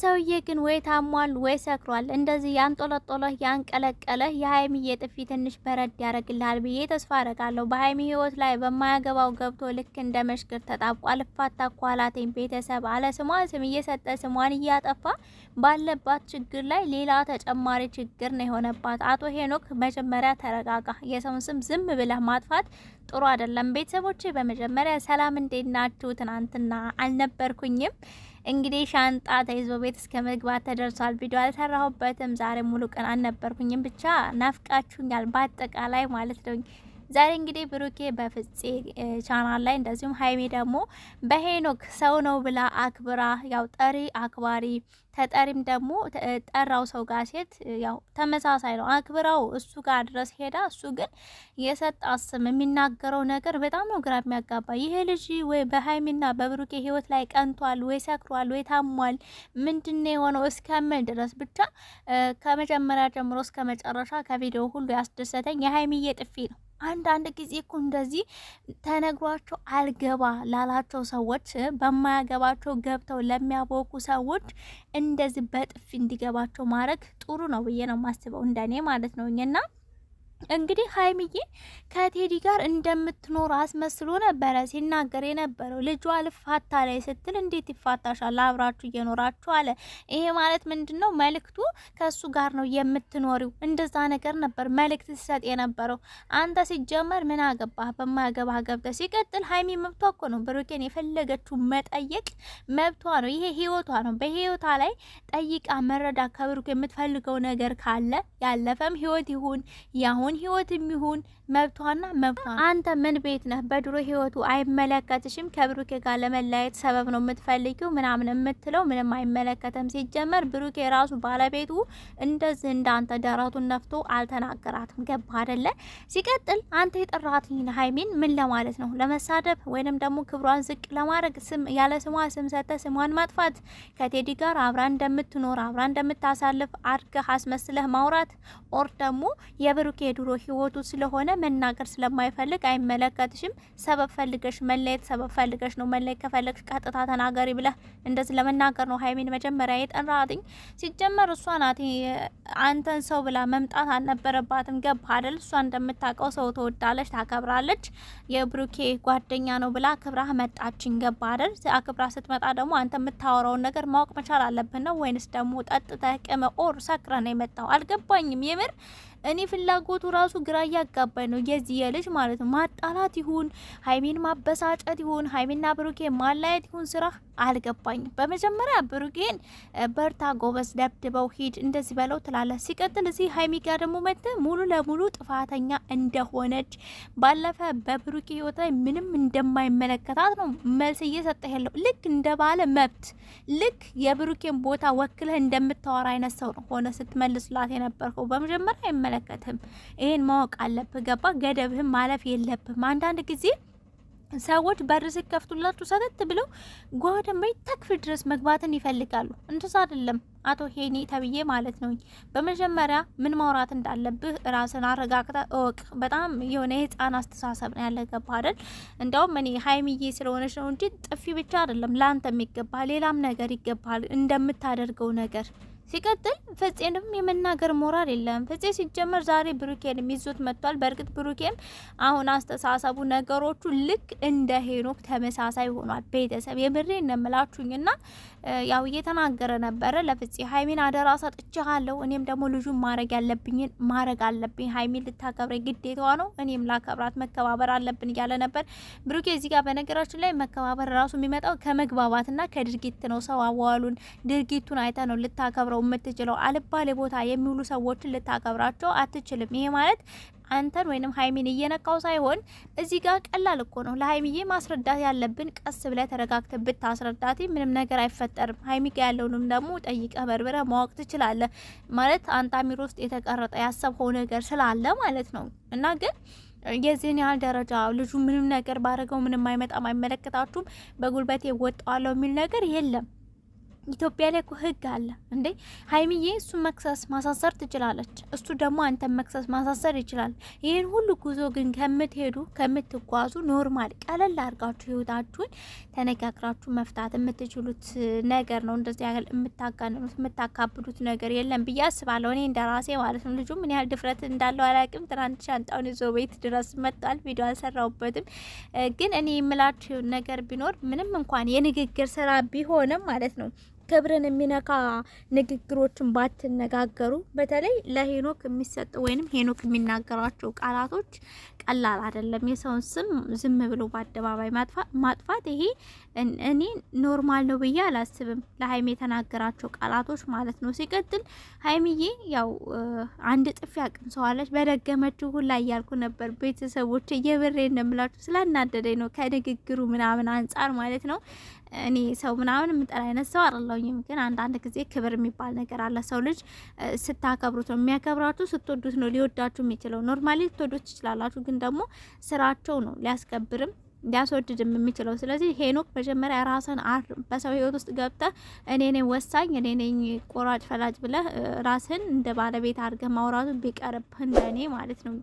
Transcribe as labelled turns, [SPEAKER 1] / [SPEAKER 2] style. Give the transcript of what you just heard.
[SPEAKER 1] ሰውዬ ግን ወይ ታሟል ወይ ሰክሯል። እንደዚህ ያንጦለጦለህ ያንቀለቀለህ የሀይሚዬ ጥፊ ትንሽ በረድ ያደርግልሃል ብዬ ተስፋ አደርጋለሁ። በሀይሚ ህይወት ላይ በማያገባው ገብቶ ልክ እንደ መሽግር ተጣብቋ ልፋታ ኳላቴን ቤተሰብ አለ ስሟን ስም እየሰጠ ስሟን እያጠፋ ባለባት ችግር ላይ ሌላ ተጨማሪ ችግር ነው የሆነባት። አቶ ሄኖክ መጀመሪያ ተረጋጋ። የሰውን ስም ዝም ብለህ ማጥፋት ጥሩ አይደለም። ቤተሰቦቼ በመጀመሪያ ሰላም እንዴት ናችሁ? ትናንትና አልነበርኩኝም። እንግዲህ ሻንጣ ተይዞ ቤት እስከ መግባት ተደርሷል። ቪዲዮ አልሰራሁበትም ዛሬ ሙሉ ቀን አልነበርኩኝም። ብቻ ናፍቃችሁኛል በአጠቃላይ ማለት ነው። ዛሬ እንግዲህ ብሩኬ በፍፄ ቻናል ላይ እንደዚሁም ሀይሜ ደግሞ በሄኖክ ሰው ነው ብላ አክብራ ያው ጠሪ አክባሪ ተጠሪም ደግሞ ጠራው ሰው ጋር ሴት ያው ተመሳሳይ ነው። አክብራው እሱ ጋር ድረስ ሄዳ እሱ ግን የሰጣት ስም የሚናገረው ነገር በጣም ነው ግራ የሚያጋባ። ይሄ ልጅ ወይ በሀይሚና በብሩኬ ህይወት ላይ ቀንቷል፣ ወይ ሰክሯል፣ ወይ ታሟል፣ ምንድን የሆነው እስከምል ድረስ ብቻ ከመጀመሪያ ጀምሮ እስከ መጨረሻ ከቪዲዮ ሁሉ ያስደሰተኝ የሀይሚዬ ጥፊ ነው። አንዳንድ ጊዜ እኮ እንደዚህ ተነግሯቸው አልገባ ላላቸው ሰዎች በማያገባቸው ገብተው ለሚያቦኩ ሰዎች እንደዚህ በጥፊ እንዲገባቸው ማድረግ ጥሩ ነው ብዬ ነው የማስበው፣ እንደኔ ማለት ነው እና እንግዲህ ሀይሚዬ ከቴዲ ጋር እንደምትኖር አስመስሎ ነበረ ሲናገር የነበረው። ልጇ ልፋታ ላይ ስትል እንዴት ይፋታሻል አብራችሁ እየኖራችሁ አለ። ይሄ ማለት ምንድን ነው? መልእክቱ ከእሱ ጋር ነው የምትኖሪው፣ እንደዛ ነገር ነበር መልእክት ሲሰጥ የነበረው። አንተ ሲጀመር ምን አገባህ በማያገባህ ገብተህ። ሲቀጥል ሀይሚ መብቷ እኮ ነው ብሩኬን የፈለገችው መጠየቅ መብቷ ነው። ይሄ ህይወቷ ነው። በህይወቷ ላይ ጠይቃ መረዳ ከብሩክ የምትፈልገው ነገር ካለ ያለፈም ህይወት ይሁን ያሁን የሚሆን ህይወት የሚሆን መብቷና መብቷ። አንተ ምን ቤት ነህ? በድሮ ህይወቱ አይመለከትሽም። ከብሩኬ ጋር ለመለያየት ሰበብ ነው የምትፈልጊው ምናምን የምትለው ምንም አይመለከተም። ሲጀመር ብሩኬ ራሱ ባለቤቱ እንደዚህ እንዳንተ ደረቱን ነፍቶ አልተናገራትም። ገባ አደለ? ሲቀጥል አንተ የጠራትኝ ሀይሚን ምን ለማለት ነው? ለመሳደብ ወይንም ደግሞ ክብሯን ዝቅ ለማድረግ ስም ያለ ስሟ ስም ሰተ ስሟን ማጥፋት ከቴዲ ጋር አብራ እንደምትኖር አብራ እንደምታሳልፍ አድርገህ አስመስለህ ማውራት ኦር ደግሞ የብሩኬ የድሮ ህይወቱ ስለሆነ መናገር ስለማይፈልግ አይመለከትሽም። ሰበብ ፈልገሽ መለየት ሰበብ ፈልገሽ ነው። መለየት ከፈለግሽ ቀጥታ ተናገሪ ብለህ እንደዚህ ለመናገር ነው ሀይሜን መጀመሪያ የጠራትኝ። ሲጀመር እሷ ናት አንተን ሰው ብላ መምጣት አልነበረባትም። ገባ አደል? እሷ እንደምታውቀው ሰው ተወዳለች፣ ታከብራለች። የብሩኬ ጓደኛ ነው ብላ ክብራህ መጣችን። ገባ አደል? አክብራ ስትመጣ ደግሞ አንተ የምታወራውን ነገር ማወቅ መቻል አለብን ነው ወይንስ ደግሞ ጠጥተህ ቅመ ኦር ሰክረህ ነው የመጣው? አልገባኝም የምር እኔ ፍላጎቱ ራሱ ግራ እያጋባኝ ነው። የዚህ የልጅ ማለት ነው ማጣላት ይሁን ሀይሜን ማበሳጨት ይሁን ሀይሜና ብሩኬን ማላየት ይሁን ስራ አልገባኝም። በመጀመሪያ ብሩኬን በርታ፣ ጎበዝ፣ ደብድበው ሂድ፣ እንደዚህ በለው ትላለ። ሲቀጥል እዚህ ሀይሚ ጋር ደግሞ መተ ሙሉ ለሙሉ ጥፋተኛ እንደሆነች ባለፈ በብሩኬ ህይወት ላይ ምንም እንደማይመለከታት ነው መልስ እየሰጠ ያለው ልክ እንደ ባለ መብት ልክ የብሩኬን ቦታ ወክለህ እንደምታወራ አይነት ሰው ነው ሆነ ስትመልስላት የነበርከው በመጀመሪያ አይመለከትም። ይሄን ማወቅ አለብህ። ገባ ገደብህም ማለፍ የለብም። አንዳንድ ጊዜ ሰዎች በር ሲከፍቱላችሁ ሰተት ብለው ጓደ ተክፍ ድረስ መግባትን ይፈልጋሉ። እንትስ አይደለም አቶ ሄኔ ተብዬ ማለት ነው። በመጀመሪያ ምን ማውራት እንዳለብህ ራስን አረጋግጠ እወቅ። በጣም የሆነ የህፃን አስተሳሰብ ነው ያለ ገባ አይደል? እንዲያውም እኔ ሀይሚዬ ስለሆነች ነው እንጂ ጥፊ ብቻ አይደለም ለአንተ ይገባል፣ ሌላም ነገር ይገባል እንደምታደርገው ነገር ሲቀጥል ፍፄንም የመናገር ሞራል የለም። ፍፄ ሲጀመር ዛሬ ብሩኬንም ይዞት መጥቷል። በእርግጥ ብሩኬም አሁን አስተሳሰቡ፣ ነገሮቹ ልክ እንደ ሄኖክ ተመሳሳይ ሆኗል። ቤተሰብ የምሬ ና ያው እየተናገረ ነበረ ለፍጼ ሀይሚን አደራ ሰጥቼሃለሁ። እኔም ደግሞ ልጁን ማድረግ ያለብኝን ማድረግ አለብኝ። ሀይሚን ልታከብረኝ ግዴታዋ ነው። እኔም ላከብራት መከባበር አለብን እያለ ነበር ብሩኬ። እዚህ ጋር በነገራችን ላይ መከባበር ራሱ የሚመጣው ከመግባባትና ከድርጊት ነው። ሰው አዋሉን ድርጊቱን አይተ ነው ልታከብረው ልትችለው የምትችለው አልባሌ ቦታ የሚውሉ ሰዎችን ልታከብራቸው አትችልም። ይሄ ማለት አንተን ወይንም ሀይሚን እየነቃው ሳይሆን እዚህ ጋር ቀላል እኮ ነው። ለሀይሚዬ ማስረዳት ያለብን ቀስ ብለ ተረጋግተ ብታስረዳት ምንም ነገር አይፈጠርም። ሀይሚ ጋ ያለውንም ደግሞ ጠይቀ በርብረ ማወቅ ትችላለ ማለት አንጣሚር ውስጥ የተቀረጠ ያሰብከው ነገር ስላለ ማለት ነው እና ግን የዚህን ያህል ደረጃ ልጁ ምንም ነገር ባረገው ምንም አይመጣም፣ አይመለከታችሁም፣ በጉልበቴ ወጣዋለሁ የሚል ነገር የለም። ኢትዮጵያ ላይ እኮ ህግ አለ እንዴ ሀይሚዬ። እሱ መክሰስ ማሳሰር ትችላለች፣ እሱ ደግሞ አንተን መክሰስ ማሳሰር ይችላል። ይህን ሁሉ ጉዞ ግን ከምትሄዱ ከምትጓዙ ኖርማል ቀለል አድርጋችሁ ህይወታችሁን ተነጋግራችሁ መፍታት የምትችሉት ነገር ነው። እንደዚህ ያህል የምታጋንኑት የምታካብዱት ነገር የለም ብዬ አስባለሁ። እኔ እንደ ራሴ ማለት ነው። ልጁ ምን ያህል ድፍረት እንዳለው አላውቅም። ትናንት ሻንጣውን ይዞ ቤት ድረስ መጥቷል። ቪዲዮ አልሰራውበትም። ግን እኔ የምላችሁ ነገር ቢኖር ምንም እንኳን የንግግር ስራ ቢሆንም ማለት ነው ክብርን የሚነካ ንግግሮችን ባትነጋገሩ። በተለይ ለሄኖክ የሚሰጥ ወይንም ሄኖክ የሚናገራቸው ቃላቶች ቀላል አይደለም። የሰውን ስም ዝም ብሎ በአደባባይ ማጥፋት ይሄ እኔ ኖርማል ነው ብዬ አላስብም። ለሀይሜ የተናገራቸው ቃላቶች ማለት ነው። ሲቀጥል ሀይሚዬ ያው አንድ ጥፊ አቅምሰዋለች በደገመችው ሁላ እያልኩ ነበር ቤተሰቦች የብሬ እንደምላችሁ ስላናደደኝ ነው ከንግግሩ ምናምን አንጻር ማለት ነው። እኔ ሰው ምናምን የምጠላ አይነት ሰው አይደለሁኝም። ግን አንዳንድ ጊዜ ክብር የሚባል ነገር አለ። ሰው ልጅ ስታከብሩት ነው የሚያከብራችሁ፣ ስትወዱት ነው ሊወዳችሁ የሚችለው። ኖርማሊ ልትወዱት ትችላላችሁ፣ ግን ደግሞ ስራቸው ነው ሊያስከብርም ሊያስወድድም የሚችለው። ስለዚህ ሄኖክ መጀመሪያ ራስን በሰው ህይወት ውስጥ ገብተ እኔ ነኝ ወሳኝ፣ እኔ ነኝ ቆራጭ ፈላጭ ብለህ ራስህን እንደ ባለቤት አድርገህ ማውራቱ ቢቀርብህ እንደኔ ማለት ነው።